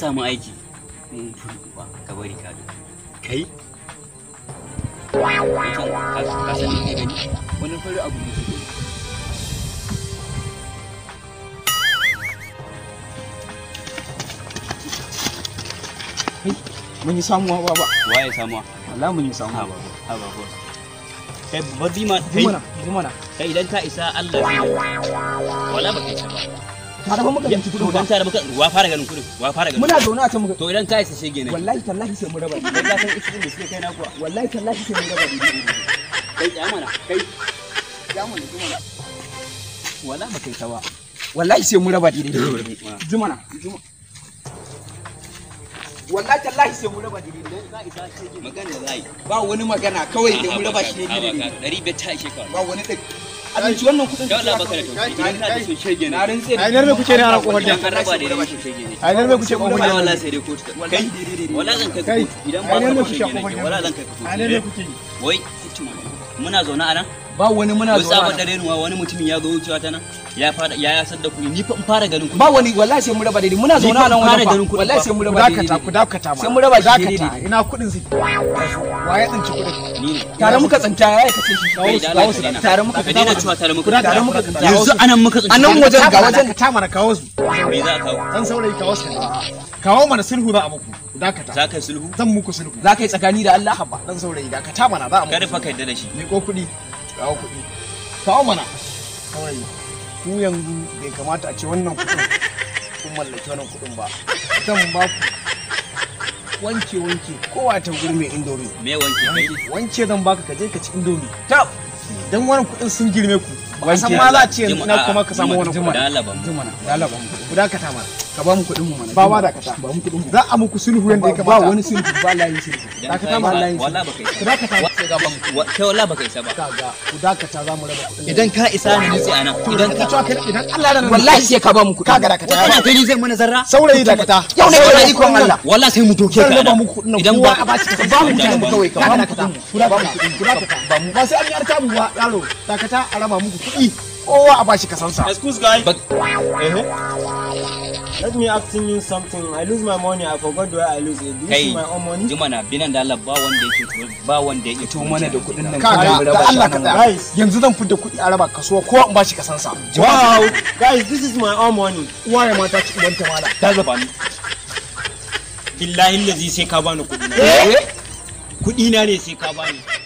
samu aiki mm, ka bari ka kai wani fari abu ne mun yi samuwa ba ba wa ya samuwa mun yi samuwa ba ha ba ba kai babbi ma kai idan ka isa Allah yi wala ba kai ba a rafa muka yanci kudin ba tare muka wa fara ganin kudin wa fara ganin muna zaune a can muka to idan ka isa shege ne wallahi tallahi sai mun raba ne. kai ka san isin da suke kai na kuwa wallahi tallahi sai mun raba ni kai ya mana kai ya mana jumana wala ba kai tawa wallahi sai mun raba ni dai jumana jumana wallahi tallahi sai mu raba dini dan za isa ce magana zai ba wani magana kawai da mu raba shi ne dini dari ka ba wani dai abinci wannan kudin da Allah baka da tausayi da shege ne arin tsere ainar me kuke ne ana kofar da an raba da yawa shege ne ainar me kuke kofar da wallahi sai dai kotu kai wallahi zan kai kotu idan ba ka shege ne wallahi zan kai kotu ainar me eh. kuke wai muna zaune a nan ba wani muna zaune a wani mutumin ya zo wucewa ta nan ya ya san da ku ni fa in fara ganin ku ba wani wallahi sai mu raba daidai muna zauna nan wani fa. wallahi sai mu raba daidai dakata ku dakata ma sai mu raba shi daidai ina kudin su waye tsinci kudin tare muka tsinta ya yi kace shi tare muka ka daina cewa tare muka tare muka tsinta yanzu anan muka tsinta anan wajen ga wajen ka tamara kawo su me za ka kawo dan saurayi kawo su kawo mana sulhu za a muku dakata za ka sulhu zan muku sulhu za ka yi tsakani da Allah dan saurayi dakata mana za a muku kada fa da shi ni ko kudi kawo kudi kawo mana saurayi ku yanzu bai kamata a ce wannan kuɗin kun mallaki wannan kuɗin ba zan ba ku wanke wanke kowa ta mai indomi me wanke wanke zan baka ka je ka ci indomi ta dan wannan kuɗin sun girme ku ba san ma za a ce yanzu ina kuma ka samu wannan kuɗin da dalaban ban mu da ka ta mana ka ba mu kuɗin mu mana ba ma dakata. kata ba mu kuɗin mu za a muku sulhu yanda ya kamata ba wani sulhu ba layin sulhu dakata ba layin wala ba kai dakata ga ba mu kai wala ba kai sa ba kaga ku dakata za mu raba kuɗin idan ka isa ni nutsi anan idan ka cewa idan Allah da wallahi sai ka ba mu kuɗin kaga dakata kana gani zai mana zarra saurayi dakata yau ne kana ikon Allah wallahi sai mu doke ka ba mu kuɗin idan ba ka ba shi ba mu kuɗin mu kawai ka ba mu kuɗin mu ba mu kuɗin mu ba mu ba sai an yarta mu ba yaro dakata a raba muku kuɗi kowa a bashi kasansa excuse guy eh? Let me ask you something. I lose my money. I forgot where I lose it. Do you see my own money? Jimana binan da Allah ba wanda yake ba wanda yake to mana da kuɗin nan. Kaga da Allah ka tsaya. Yanzu zan fita kuɗi a raba kasuwa ko in bashi kasan sa. Wow, guys, this is my own money. Waye mata ci uban ta mala. Ta zaba ni. Billahi lazi sai ka bani kuɗi. Eh? Kuɗi na ne sai ka bani.